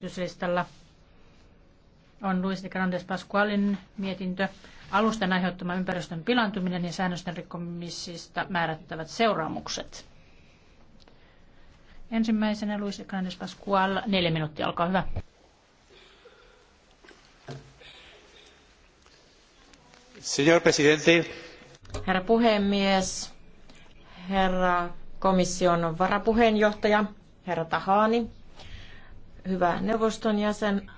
esityslistalla on Luis de Grandes Pascualin mietintö alusten aiheuttama ympäristön pilantuminen ja säännösten rikkomisista määrättävät seuraamukset. Ensimmäisenä Luis de Grandes Pascual, neljä minuuttia, olkaa hyvä. Señor presidente. Herra puhemies, herra komission varapuheenjohtaja, herra Tahani, Hyvä neuvoston jäsen,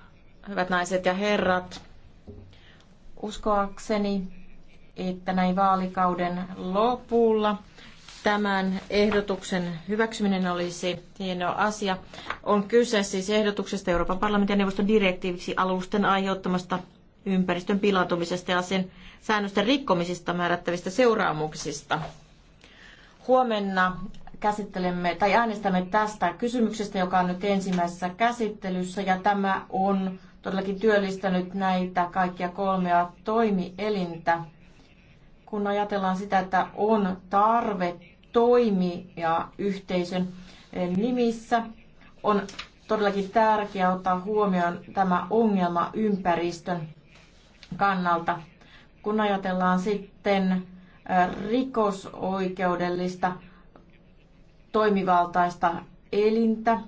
hyvät naiset ja herrat, uskoakseni, että näin vaalikauden lopulla tämän ehdotuksen hyväksyminen olisi hieno asia. On kyse siis ehdotuksesta Euroopan parlamentin ja neuvoston direktiiviksi alusten aiheuttamasta ympäristön pilatumisesta ja sen säännösten rikkomisista määrättävistä seuraamuksista. Huomenna käsittelemme tai äänestämme tästä kysymyksestä, joka on nyt ensimmäisessä käsittelyssä ja tämä on todellakin työllistänyt näitä kaikkia kolmea toimielintä. Kun ajatellaan sitä, että on tarve toimia yhteisön nimissä, on todellakin tärkeää ottaa huomioon tämä ongelma ympäristön kannalta. Kun ajatellaan sitten rikosoikeudellista toimivaltaista elintä,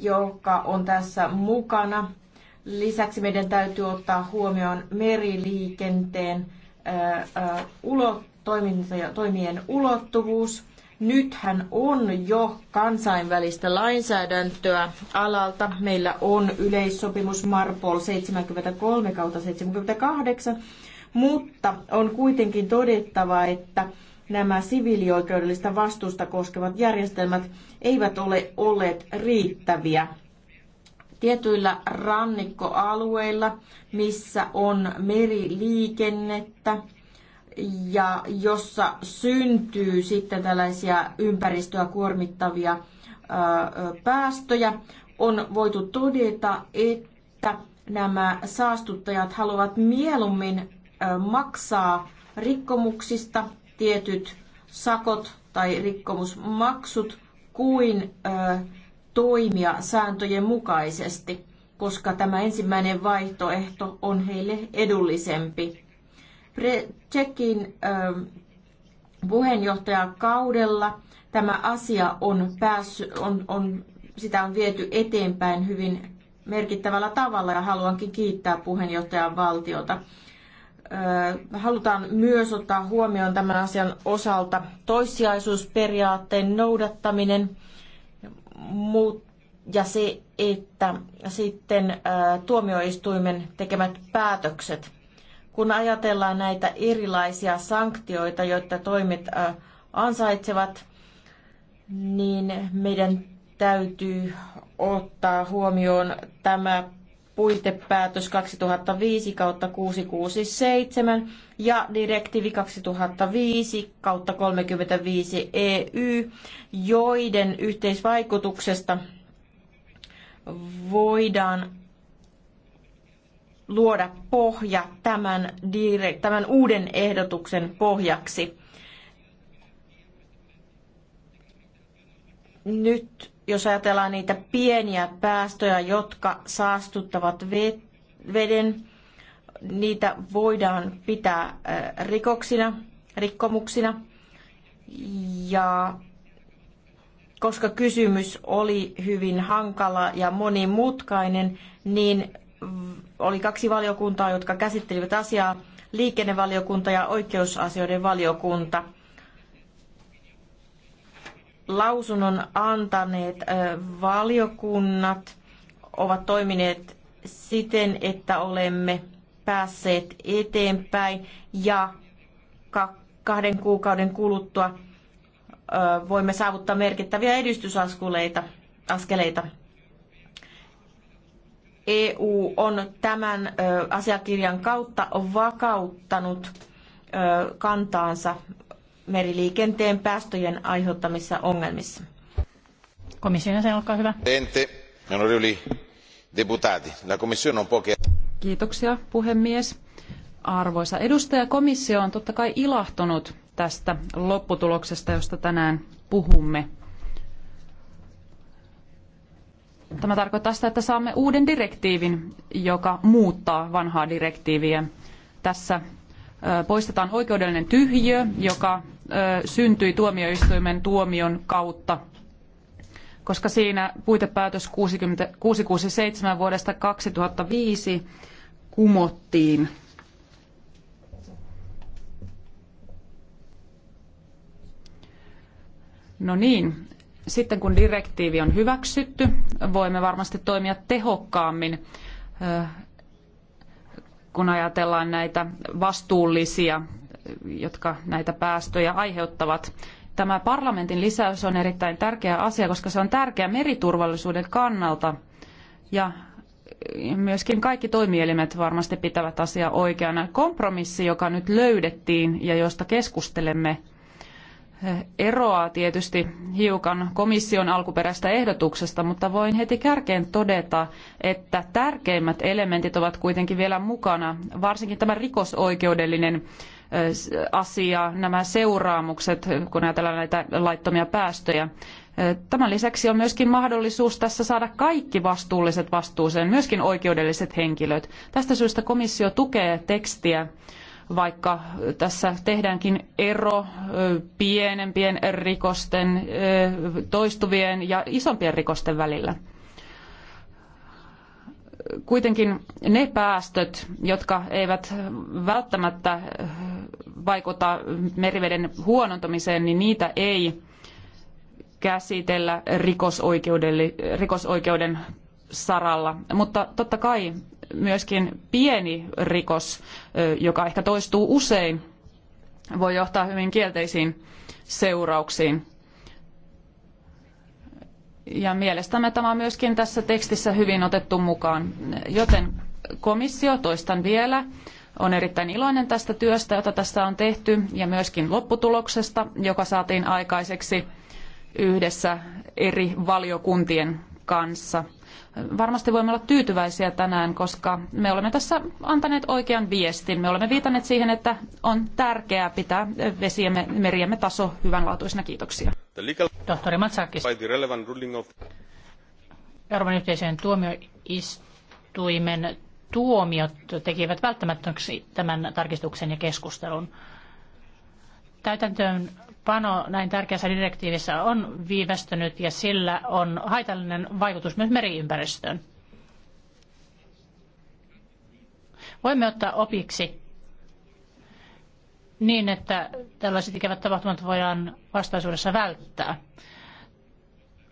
joka on tässä mukana. Lisäksi meidän täytyy ottaa huomioon meriliikenteen toimien ulottuvuus. Nythän on jo kansainvälistä lainsäädäntöä alalta. Meillä on yleissopimus Marpol 73 kautta 78, mutta on kuitenkin todettava, että nämä siviilioikeudellista vastuusta koskevat järjestelmät eivät ole olleet riittäviä. Tietyillä rannikkoalueilla, missä on meriliikennettä ja jossa syntyy sitten tällaisia ympäristöä kuormittavia päästöjä, on voitu todeta, että nämä saastuttajat haluavat mieluummin maksaa rikkomuksista tietyt sakot tai rikkomusmaksut kuin ö, toimia sääntöjen mukaisesti, koska tämä ensimmäinen vaihtoehto on heille edullisempi. Pre- Tsekin ö, puheenjohtajakaudella tämä asia on, päässyt, on, on sitä on viety eteenpäin hyvin merkittävällä tavalla ja haluankin kiittää puheenjohtajan valtiota halutaan myös ottaa huomioon tämän asian osalta toissijaisuusperiaatteen noudattaminen ja se, että sitten tuomioistuimen tekemät päätökset. Kun ajatellaan näitä erilaisia sanktioita, joita toimet ansaitsevat, niin meidän täytyy ottaa huomioon tämä puitepäätös 2005 kautta 667 ja direktiivi 2005 kautta 35 EY, joiden yhteisvaikutuksesta voidaan luoda pohja tämän, tämän uuden ehdotuksen pohjaksi. Nyt jos ajatellaan niitä pieniä päästöjä, jotka saastuttavat veden, niitä voidaan pitää rikoksina, rikkomuksina. Ja koska kysymys oli hyvin hankala ja monimutkainen, niin oli kaksi valiokuntaa, jotka käsittelivät asiaa, liikennevaliokunta ja oikeusasioiden valiokunta – lausunnon antaneet valiokunnat ovat toimineet siten, että olemme päässeet eteenpäin ja kahden kuukauden kuluttua voimme saavuttaa merkittäviä edistysaskeleita. Askeleita. EU on tämän asiakirjan kautta vakauttanut kantaansa meriliikenteen päästöjen aiheuttamissa ongelmissa. Komission jäsen, olkaa hyvä. Kiitoksia puhemies. Arvoisa edustaja, komissio on totta kai ilahtunut tästä lopputuloksesta, josta tänään puhumme. Tämä tarkoittaa sitä, että saamme uuden direktiivin, joka muuttaa vanhaa direktiiviä. Tässä poistetaan oikeudellinen tyhjiö, joka syntyi tuomioistuimen tuomion kautta, koska siinä puitepäätös 60, 667 vuodesta 2005 kumottiin. No niin, sitten kun direktiivi on hyväksytty, voimme varmasti toimia tehokkaammin kun ajatellaan näitä vastuullisia, jotka näitä päästöjä aiheuttavat. Tämä parlamentin lisäys on erittäin tärkeä asia, koska se on tärkeä meriturvallisuuden kannalta. Ja myöskin kaikki toimielimet varmasti pitävät asiaa oikeana. Kompromissi, joka nyt löydettiin ja josta keskustelemme, eroaa tietysti hiukan komission alkuperäisestä ehdotuksesta, mutta voin heti kärkeen todeta, että tärkeimmät elementit ovat kuitenkin vielä mukana, varsinkin tämä rikosoikeudellinen asia, nämä seuraamukset, kun ajatellaan näitä laittomia päästöjä. Tämän lisäksi on myöskin mahdollisuus tässä saada kaikki vastuulliset vastuuseen, myöskin oikeudelliset henkilöt. Tästä syystä komissio tukee tekstiä, vaikka tässä tehdäänkin ero pienempien rikosten, toistuvien ja isompien rikosten välillä. Kuitenkin ne päästöt, jotka eivät välttämättä vaikuta meriveden huonontumiseen, niin niitä ei käsitellä rikosoikeuden saralla. Mutta totta kai myöskin pieni rikos, joka ehkä toistuu usein, voi johtaa hyvin kielteisiin seurauksiin. Ja mielestämme tämä on myöskin tässä tekstissä hyvin otettu mukaan. Joten komissio, toistan vielä, on erittäin iloinen tästä työstä, jota tässä on tehty, ja myöskin lopputuloksesta, joka saatiin aikaiseksi yhdessä eri valiokuntien kanssa – Varmasti voimme olla tyytyväisiä tänään, koska me olemme tässä antaneet oikean viestin. Me olemme viitanneet siihen, että on tärkeää pitää vesiemme, meriemme taso hyvänlaatuisena. Kiitoksia. Tohtori Matsakis. Euroopan yhteisöjen tuomioistuimen tuomiot tekivät välttämättömäksi tämän tarkistuksen ja keskustelun. Täytäntöön täytäntöönpano näin tärkeässä direktiivissä on viivästynyt ja sillä on haitallinen vaikutus myös meriympäristöön. Voimme ottaa opiksi niin, että tällaiset ikävät tapahtumat voidaan vastaisuudessa välttää.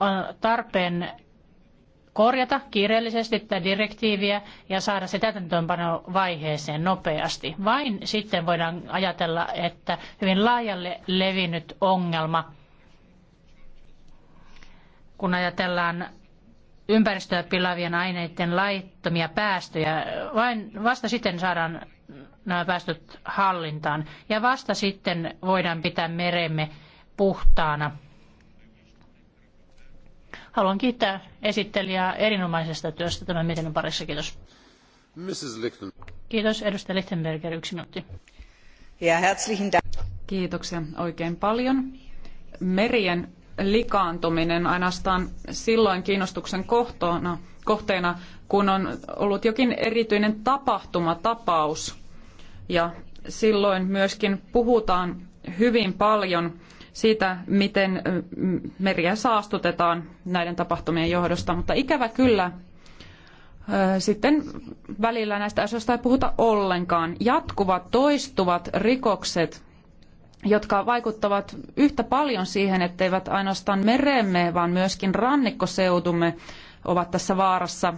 On tarpeen korjata kiireellisesti tätä direktiiviä ja saada se täytäntöönpanovaiheeseen nopeasti. Vain sitten voidaan ajatella, että hyvin laajalle levinnyt ongelma, kun ajatellaan ympäristöä pilavien aineiden laittomia päästöjä, vain vasta sitten saadaan nämä päästöt hallintaan ja vasta sitten voidaan pitää meremme puhtaana. Haluan kiittää esittelijää erinomaisesta työstä tämän mietinnön parissa. Kiitos. Mrs. Kiitos. Edustaja Lichtenberger, yksi minuutti. Ja herzlichen Dank. Kiitoksia oikein paljon. Merien likaantuminen ainoastaan silloin kiinnostuksen kohtoona, kohteena, kun on ollut jokin erityinen tapahtuma, tapaus. Ja silloin myöskin puhutaan hyvin paljon siitä, miten meriä saastutetaan näiden tapahtumien johdosta. Mutta ikävä kyllä sitten välillä näistä asioista ei puhuta ollenkaan. Jatkuvat, toistuvat rikokset, jotka vaikuttavat yhtä paljon siihen, etteivät ainoastaan meremme, vaan myöskin rannikkoseutumme ovat tässä vaarassa,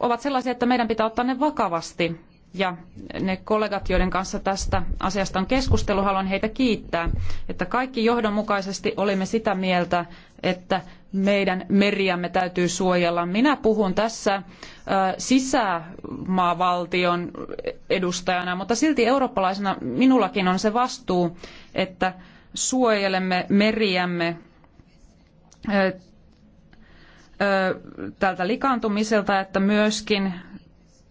ovat sellaisia, että meidän pitää ottaa ne vakavasti ja ne kollegat, joiden kanssa tästä asiasta on keskustelu, haluan heitä kiittää, että kaikki johdonmukaisesti olimme sitä mieltä, että meidän meriämme täytyy suojella. Minä puhun tässä sisämaavaltion edustajana, mutta silti eurooppalaisena minullakin on se vastuu, että suojelemme meriämme tältä likaantumiselta, että myöskin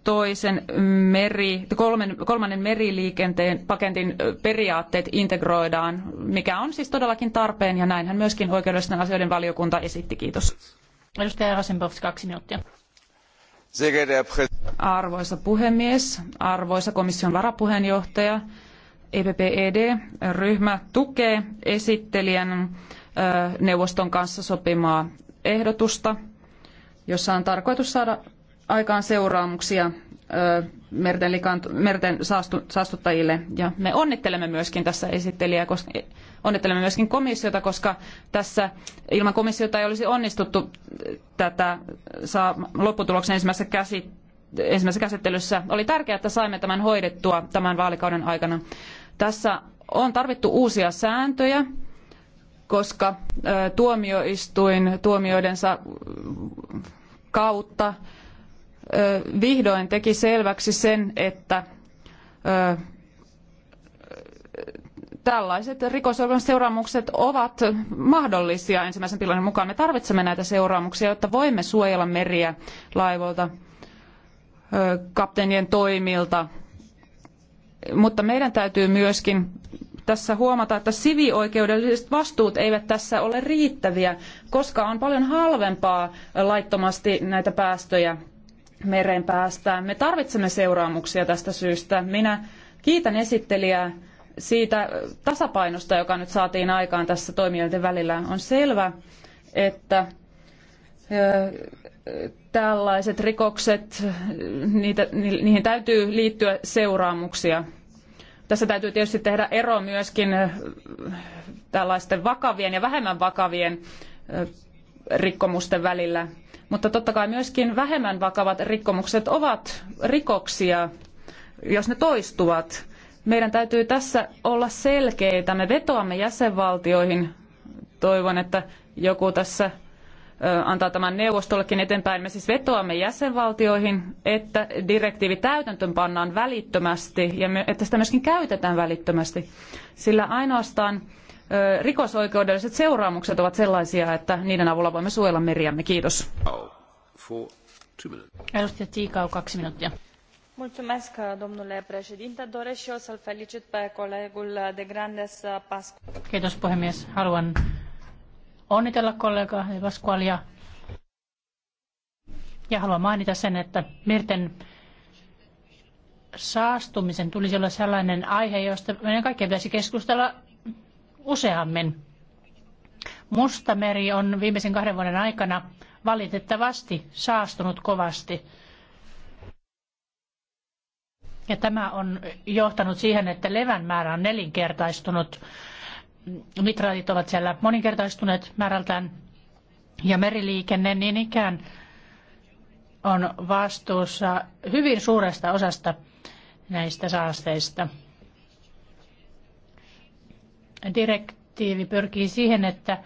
toisen meri, kolmen, kolmannen meriliikenteen paketin periaatteet integroidaan, mikä on siis todellakin tarpeen ja näinhän myöskin oikeudellisten asioiden valiokunta esitti. Kiitos. Edustaja Rasenbovs, kaksi minuuttia. Arvoisa puhemies, arvoisa komission varapuheenjohtaja, EPPED-ryhmä tukee esittelijän neuvoston kanssa sopimaa ehdotusta, jossa on tarkoitus saada aikaan seuraamuksia merten, likantu, merten saastuttajille. Ja me onnittelemme myöskin tässä esittelijää, koska, e, onnittelemme myöskin komissiota, koska tässä ilman komissiota ei olisi onnistuttu tätä saa lopputuloksen ensimmäisessä, käsi, ensimmäisessä käsittelyssä. Oli tärkeää, että saimme tämän hoidettua tämän vaalikauden aikana. Tässä on tarvittu uusia sääntöjä, koska tuomioistuin tuomioidensa kautta vihdoin teki selväksi sen, että tällaiset rikosoikeuden seuraamukset ovat mahdollisia ensimmäisen pilarin mukaan. Me tarvitsemme näitä seuraamuksia, jotta voimme suojella meriä laivoilta, kapteenien toimilta. Mutta meidän täytyy myöskin tässä huomata, että sivioikeudelliset vastuut eivät tässä ole riittäviä, koska on paljon halvempaa laittomasti näitä päästöjä mereen päästään. Me tarvitsemme seuraamuksia tästä syystä. Minä kiitän esittelijää siitä tasapainosta, joka nyt saatiin aikaan tässä toimijoiden välillä. On selvä, että tällaiset rikokset, niitä, niihin täytyy liittyä seuraamuksia. Tässä täytyy tietysti tehdä ero myöskin tällaisten vakavien ja vähemmän vakavien rikkomusten välillä. Mutta totta kai myöskin vähemmän vakavat rikkomukset ovat rikoksia, jos ne toistuvat. Meidän täytyy tässä olla selkeitä. Me vetoamme jäsenvaltioihin. Toivon, että joku tässä antaa tämän neuvostollekin eteenpäin. Me siis vetoamme jäsenvaltioihin, että direktiivi täytäntöön pannaan välittömästi ja että sitä myöskin käytetään välittömästi. Sillä ainoastaan rikosoikeudelliset seuraamukset ovat sellaisia, että niiden avulla voimme suojella meriämme. Kiitos. Edustaja Tiikau, kaksi minuuttia. Mulțumesc, domnule președinte. Doresc și eu să-l felicit pe colegul de Grandes uh, Pascu. Kiitos, puhemies. Haluan onnitella kollega Pasqualia. Ja haluan mainita sen, että merten saastumisen tulisi olla sellainen aihe, josta meidän kaikkien pitäisi keskustella useammin. Mustameri on viimeisen kahden vuoden aikana valitettavasti saastunut kovasti. Ja tämä on johtanut siihen, että levän määrä on nelinkertaistunut. Nitraatit ovat siellä moninkertaistuneet määrältään ja meriliikenne niin ikään on vastuussa hyvin suuresta osasta näistä saasteista. Direktiivi pyrkii siihen, että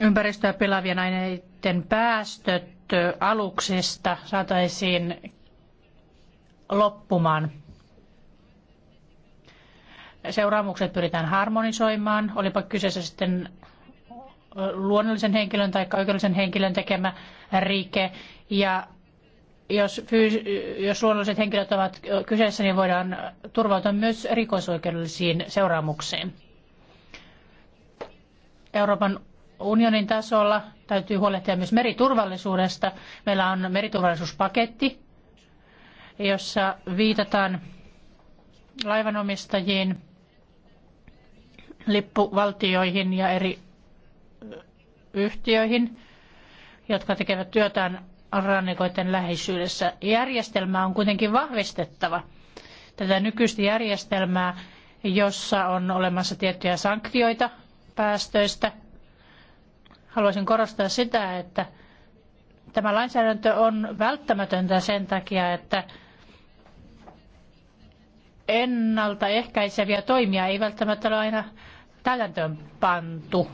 ympäristöä pilavien aineiden päästöt aluksista saataisiin loppumaan. Seuraamukset pyritään harmonisoimaan, olipa kyseessä sitten luonnollisen henkilön tai oikeudellisen henkilön tekemä rike. Ja jos, fyys- jos luonnolliset henkilöt ovat kyseessä, niin voidaan turvautua myös rikosoikeudellisiin seuraamuksiin. Euroopan unionin tasolla täytyy huolehtia myös meriturvallisuudesta. Meillä on meriturvallisuuspaketti, jossa viitataan laivanomistajiin, lippuvaltioihin ja eri yhtiöihin, jotka tekevät työtään rannikoiden läheisyydessä. Järjestelmää on kuitenkin vahvistettava. Tätä nykyistä järjestelmää, jossa on olemassa tiettyjä sanktioita päästöistä. Haluaisin korostaa sitä, että tämä lainsäädäntö on välttämätöntä sen takia, että ennaltaehkäiseviä toimia ei välttämättä ole aina täytäntöön pantu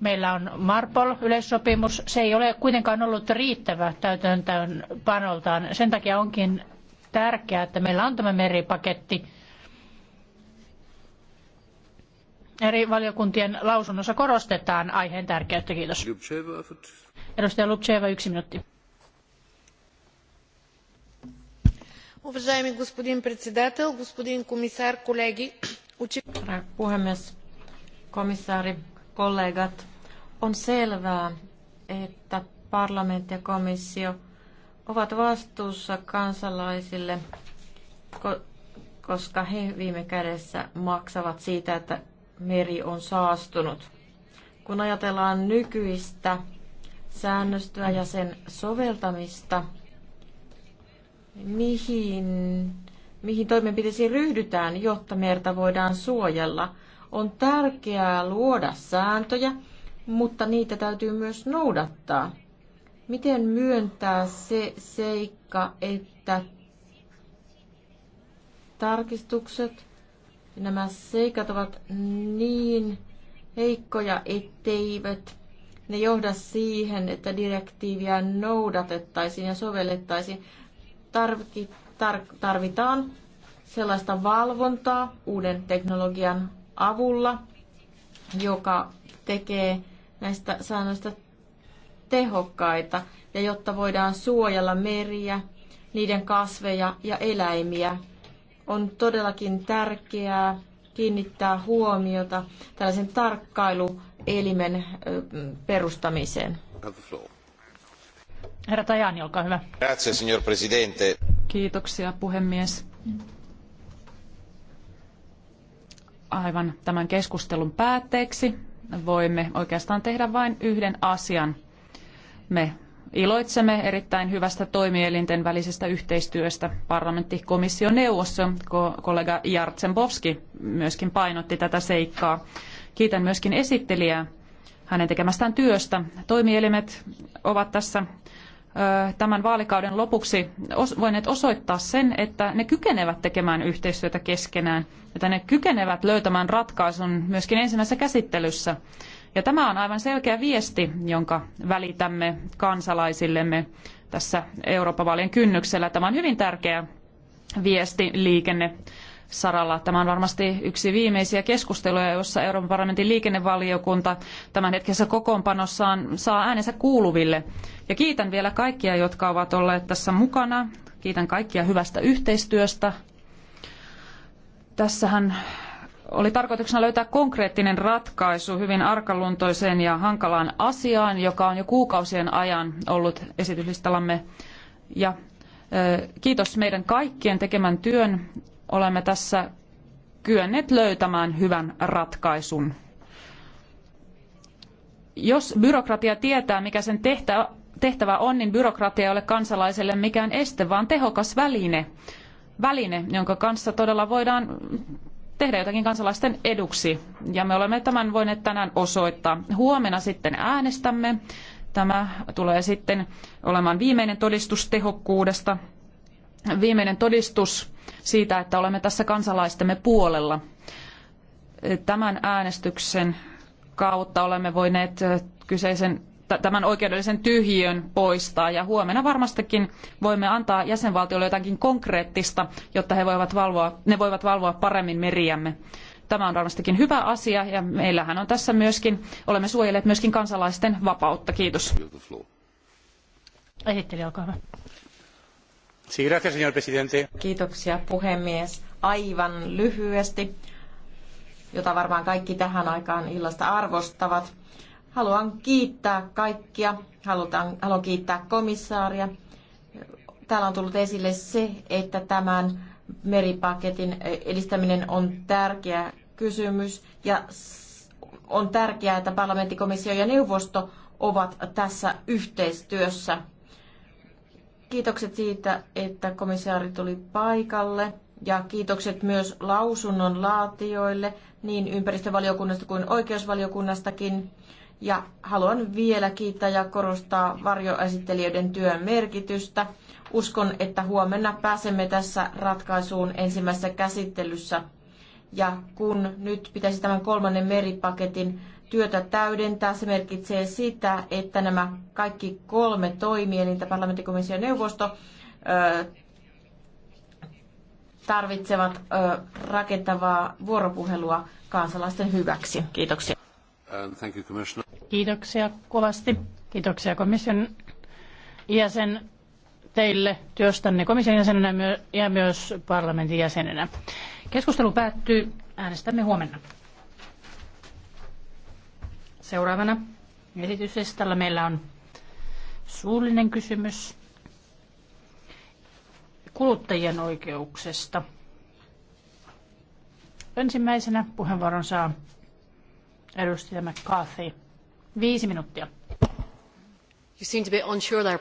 Meillä on Marpol-yleissopimus. Se ei ole kuitenkaan ollut riittävä täytäntöön panoltaan. Sen takia onkin tärkeää, että meillä on tämä meripaketti. Eri valiokuntien lausunnossa korostetaan aiheen tärkeyttä. Kiitos. Edustaja Lubcheva, yksi minuutti. Уважаеми господин председател, господин комисар, колеги, puhemies, komissaari, kollegat, on selvää, että parlamentti ja komissio ovat vastuussa kansalaisille, koska he viime kädessä maksavat siitä, että meri on saastunut. Kun ajatellaan nykyistä säännöstöä ja sen soveltamista, mihin, mihin toimenpiteisiin ryhdytään, jotta merta voidaan suojella – on tärkeää luoda sääntöjä, mutta niitä täytyy myös noudattaa. Miten myöntää se seikka, että tarkistukset, nämä seikat ovat niin heikkoja, etteivät ne johda siihen, että direktiiviä noudatettaisiin ja sovellettaisiin. Tarvitaan sellaista valvontaa uuden teknologian avulla, joka tekee näistä säännöistä tehokkaita ja jotta voidaan suojella meriä, niiden kasveja ja eläimiä. On todellakin tärkeää kiinnittää huomiota tällaisen tarkkailuelimen perustamiseen. Herra Tajani, olkaa hyvä. Grazie, signor Presidente. Kiitoksia, puhemies aivan tämän keskustelun päätteeksi voimme oikeastaan tehdä vain yhden asian. Me iloitsemme erittäin hyvästä toimielinten välisestä yhteistyöstä parlamentti komission neuvossa. Kollega Jartsenbovski myöskin painotti tätä seikkaa. Kiitän myöskin esittelijää hänen tekemästään työstä. Toimielimet ovat tässä tämän vaalikauden lopuksi voineet osoittaa sen, että ne kykenevät tekemään yhteistyötä keskenään, että ne kykenevät löytämään ratkaisun myöskin ensimmäisessä käsittelyssä. Ja tämä on aivan selkeä viesti, jonka välitämme kansalaisillemme tässä Euroopan vaalien kynnyksellä. Tämä on hyvin tärkeä viesti liikenne saralla. Tämä on varmasti yksi viimeisiä keskusteluja, jossa Euroopan parlamentin liikennevaliokunta tämän hetkessä kokoonpanossaan saa äänensä kuuluville. Ja kiitän vielä kaikkia, jotka ovat olleet tässä mukana. Kiitän kaikkia hyvästä yhteistyöstä. Tässähän oli tarkoituksena löytää konkreettinen ratkaisu hyvin arkaluontoiseen ja hankalaan asiaan, joka on jo kuukausien ajan ollut esityslistallamme. Ja kiitos meidän kaikkien tekemän työn olemme tässä kyenneet löytämään hyvän ratkaisun. Jos byrokratia tietää, mikä sen tehtävä on, niin byrokratia ei ole kansalaiselle mikään este, vaan tehokas väline, väline jonka kanssa todella voidaan tehdä jotakin kansalaisten eduksi. Ja me olemme tämän voineet tänään osoittaa. Huomenna sitten äänestämme. Tämä tulee sitten olemaan viimeinen todistus tehokkuudesta viimeinen todistus siitä, että olemme tässä kansalaistemme puolella. Tämän äänestyksen kautta olemme voineet kyseisen tämän oikeudellisen tyhjiön poistaa ja huomenna varmastikin voimme antaa jäsenvaltioille jotakin konkreettista, jotta he voivat valvoa, ne voivat valvoa paremmin meriämme. Tämä on varmastikin hyvä asia ja meillähän on tässä myöskin, olemme suojelleet myöskin kansalaisten vapautta. Kiitos. Esittely, olkaa hyvä. Kiitoksia puhemies. Aivan lyhyesti, jota varmaan kaikki tähän aikaan illasta arvostavat. Haluan kiittää kaikkia, Halutaan, haluan kiittää komissaaria. Täällä on tullut esille se, että tämän meripaketin edistäminen on tärkeä kysymys ja on tärkeää, että parlamentti, komissio ja neuvosto ovat tässä yhteistyössä Kiitokset siitä, että komissaari tuli paikalle ja kiitokset myös lausunnon laatijoille niin ympäristövaliokunnasta kuin oikeusvaliokunnastakin. Ja haluan vielä kiittää ja korostaa varjoesittelijöiden työn merkitystä. Uskon, että huomenna pääsemme tässä ratkaisuun ensimmäisessä käsittelyssä. Ja kun nyt pitäisi tämän kolmannen meripaketin työtä täydentää. Se merkitsee sitä, että nämä kaikki kolme toimielintä, parlamenttikomission neuvosto, tarvitsevat rakentavaa vuoropuhelua kansalaisten hyväksi. Kiitoksia. Thank you, Kiitoksia kovasti. Kiitoksia komission jäsen teille työstänne komission jäsenenä ja myös parlamentin jäsenenä. Keskustelu päättyy. Äänestämme huomenna. Seuraavana esityslistalla meillä on suullinen kysymys kuluttajien oikeuksesta. Ensimmäisenä puheenvuoron saa edustaja McCarthy. Viisi minuuttia. You seem to be unsure there,